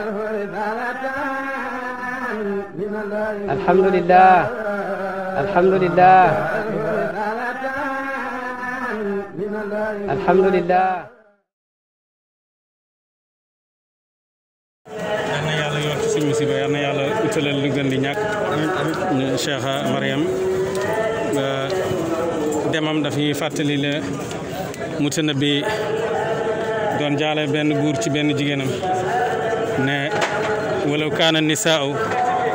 alhamdulilah alhamdulilah alhamdulilah. yal na yàlla yokk suñu musiba yal na yàlla utalal lu gën di ñàkk Cheikh Mariam demam dafiy fàttali la Mutanabi doon jaale benn góor ci benn jigéenam. ne walaw kaana nisaau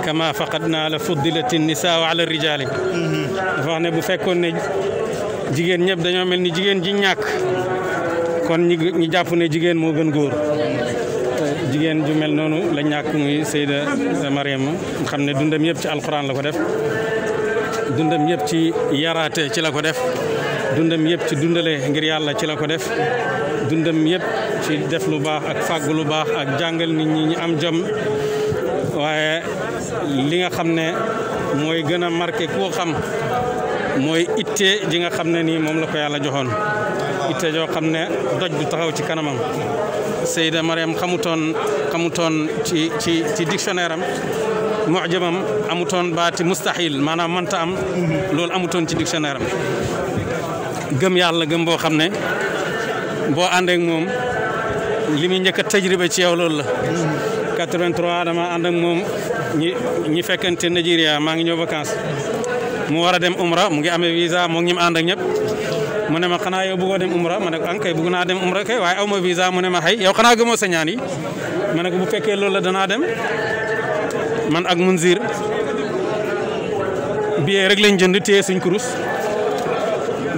kama faqadna la fuddilati nisaau ala rijaali dafa wax ne bu fekkoon ne jigéen ñëpp dañoo mel ni jigéen ji ñàkk kon ñi jàpp ne jigéen moo gën góor jigéen ju mel noonu la ñàkk muy Seyda Mariama xam ne dundam yëpp ci alquran la ko def dundam yëpp ci yaraate ci la ko def dundam yëpp ci dundale ngir yàlla ci la ko def dundam yëpp ci def lu baax ak fàgg lu baax ak jàngal nit ñi ñu am jom waaye li nga xam ne mooy gën a marqué koo xam mooy itte ji nga xam ne nii moom la yàlla joxoon itte joo xam ne doj du taxaw ci kanamam Seyda Mariam xamutoon xamutoon ci ci ci dictionnaire am mujamam amutoon baati mustahil maanaam mënta am loolu amutoon ci dictionnaire am gëm yàlla gëm boo xam ne boo àndeek moom li muy njëkk a tajriba ci yow loolu la 83 dama ànd ak moom ñi ñi fekkante Nigeria maa ngi ñëw vacances mu war a dem umra mu ngi amee visa moo ngi ñu ànd ak ñëpp mu ne ma xanaa yow bëggoo dem umra ma ne ko an ah, kay bëgg naa dem umra kay waaye aw ma visa mu ne ma xay yow xanaa gëmoo sa ñaan ma ne ko bu fekkee loolu la danaa dem man ak Munzir billet rek lañ jënd téye suñ kurus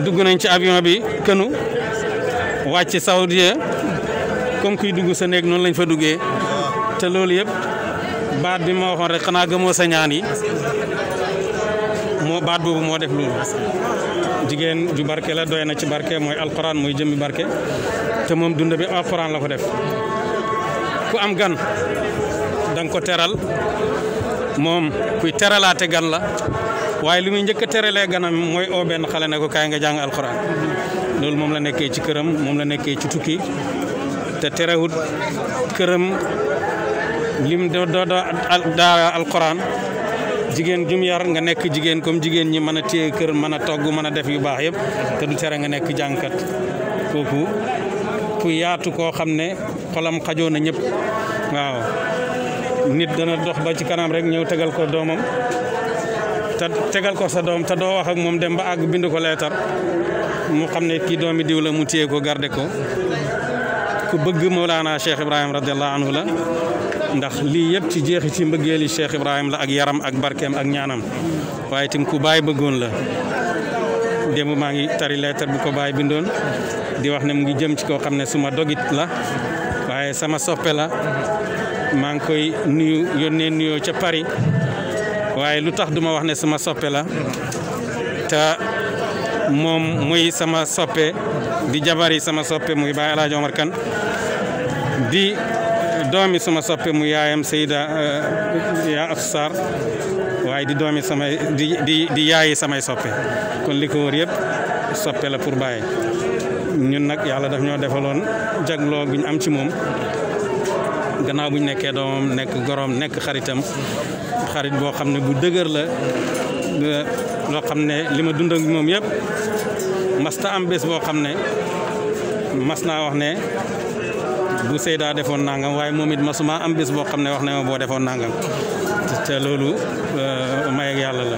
dugg nañ ci avion bi kënu wàcc Saoudia comme kuy dugg sa néeg noonu lañ fa duggee te loolu yëpp baat bi ma waxoon rek xanaa gëmoo sa ñaan yi moo baat boobu moo def loolu jigéen ju barke la doy na ci barke mooy alquran mooy jëmmi barke te moom dund bi alquran la ko def ku am gan danga ko teral moom kuy teralaate gan la waaye li muy njëkk a teralee ganam mooy oo benn xale ne ko kaay nga jàng alquran loolu moom la nekkee ci këram moom la nekkee ci tukki te terewut këram lim do do daara alquran jigéen jum yar nga nekk jigéen comme jigéen ñi mën a téye kër mën a togg mën a def yu baax yëpp te tere nga nekk jànkat foofu ku yaatu koo xam ne xolam xajoo na ñëpp waaw nit dana dox ba ci kanam rek ñëw tegal ko doomam te tegal ko sa doom te doo wax moom dem ba àgg bind ko leetar mu xam ne kii doomi diw la mu téye ko garde ko ku bëgg Mawlana Cheikh Ibrahim radiallahu anhu la ndax lii yëpp ci jeexi ci mbëggeeli Cheikh Ibrahim la ak yaram ak barkeem ak ñaanam waaye tim ku baay bëggoon la démb maa ngi tari leetar bu ko baay bindoon di wax ne mu ngi jëm ci koo xam ne suma dogit la waaye sama soppe la maa ngi koy nuyu yónnee nuyoo ca Paris waaye lu tax duma wax ne suma soppe la te moom muy sama soppe di jabari sama soppe muy Baay Alaaji Omar Kan di doomi sama soppe mu yaayam Seyda eh, yaa af waaye di doomi samay di di yaayi samay soppe kon li ko wër yëpp soppe la pour Baay ñun nag yàlla daf ñoo defaloon jagloo guñ am ci moom gannaaw bu buñ nekkee doomam nekk goroom nekk xaritam xarit boo xam ne bu dëgër la eh, loo xam ne li ma dund moom yëpp masta am bés boo xam ne mas naa wax ne bu Seyda defoon nangam waaye moom it masuma am bés boo xam ne wax ne ma boo defoon nangam te loolu euh, may ak yàlla la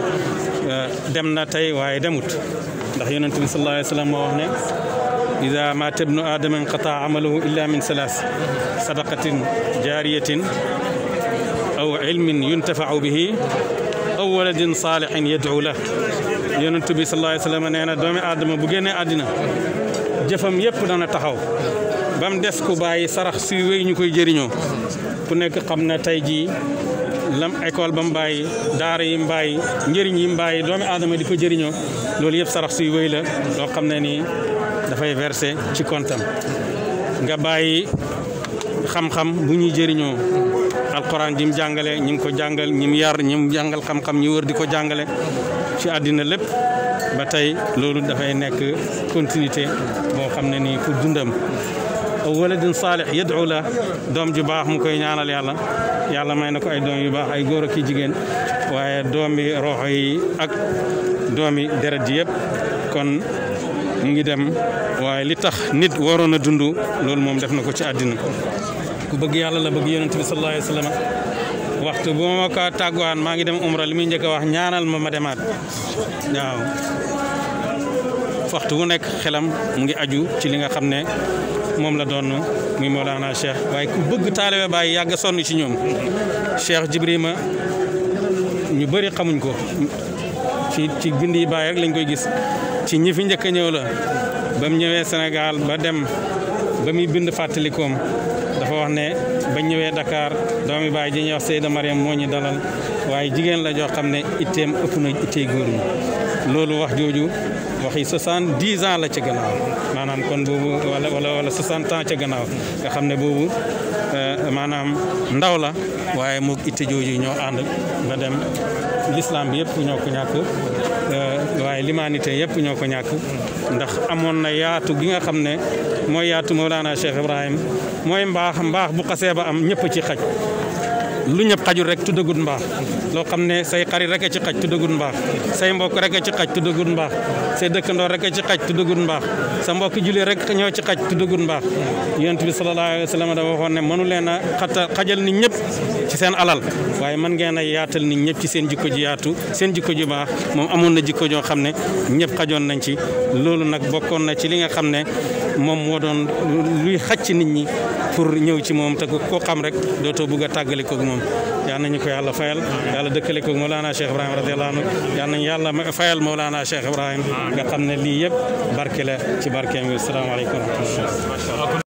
euh, dem na tey waaye demut ndax yonent bi sallallahu alayhi wa sallam moo wax ne ida maata ibnu aadama inqata amaluhu illa min salaas sadaqatin jaariyatin aw ilmin yuntafau bihi waladin saalihin yad'u la yonent bi sallallahu nee doomi aadama bu génnee àddina jëfam yëpp dana taxaw ba mu des ku bàyyi sarax suy wéy ñu koy jariñoo ku nekk xam na tey jii lam école ba mu bàyyi daara yi mu bàyyi njëriñ yi mbàyyi doomi aadama di ko jëriñoo loolu yëpp sarax suy wéy la loo xam ne nii dafay versé ci kontam nga bàyyi xam-xam bu ñuy jëriñoo alquran ji mu jàngale ñi mu ko jàngal ñi mu yar ñi mu jàngal xam-xam ñu wër di ko jàngale ci àddina lépp ba tey loolu dafay nekk continuité boo xam ne nii ku dundam waladin saalix yadu la doom ju baax mu koy ñaanal yàlla yàlla may na ko ay doom yu baax ay góor ak i jigéen waaye doomi roxo yi ak doomi deret ji yëpp kon mu ngi dem waaye li tax nit waroon a dund loolu moom def na ko ci àddina ku bëgg yàlla la bëgg yonent bi sallallahu waxtu bu ma ko tàgguwaan maa ngi dem umra li muy njëkk wax ñaanal ma ma demaat waaw waxtu wu nekk xelam mu ngi aju ci li nga xam ne moom la doon muy Mawlana Cheikh waaye ku bëgg taalibe Baay yàgg sonn ci ñoom Cheikh Jibrima ñu bëri xamuñ ko ci ci bind yi rek lañ koy gis ci ñi fi njëkk a ñëw la ba mu ñëwee Sénégal ba dem ba muy bind fàttalikoom wax ne bañ ñëwee dakaar doomi baay baa ñuy wax Seyda Mariam moo ñu dalal waaye jigéen la joo xam ne itteem ëpp na ittee góor loolu wax jooju waxi soixante-dix ans la ca gannaaw maanaam kon boobu wala wala wala soixante ans ca gannaaw nga xam ne boobu euh, maanaam ndaw la waaye moog itte jooju ñoo ànd ba dem l'islam bi yëpp ñoo ko ñàkk euh, waaye limaanité yëpp ñoo ko ñàkk ndax amoon na yaatu gi nga xam ne mooy yaatu Mawlana Cheikh Ibrahim mooy mbaax mbaax bu xasee ba am ñëpp ci xaj lu ñëpp xajul rek tuddagut mbaax loo xam ne say xarit rek a ci xaj tuddagut mbaax say mbokk rek a ci xaj tuddagut mbaax say dëkkandoo rek a ci xaj tuddagut mbaax sa mbokk julli rek ñoo ci xaj tuddagut mbaax yonent bi sallallahu alayhi wa sallam dafa waxoon ne mënu leen a xata xajal nit ñëpp ci seen alal waaye man ngeen a yaatal nit ñëpp ci seen jikko ji yaatu seen jikko ji baax moom amoon na jikko joo xam ne ñëpp xajoon nañ ci loolu nag bokkoon na ci li nga xam ne moom moo doon luy xac ci nit ñi pour ñëw ci moom te ko xam rek dootoo bugg a tàggale koog moom yal nañu ko yàlla fayal yàlla dëkkale koog Mawlana Cheikh Ibrahim radiyallahu anhu yal nañu yàlla fayal Mawlana Cheikh Ibrahim nga xam na lii yëpp barke la ci barkeem bi salaamaaleykum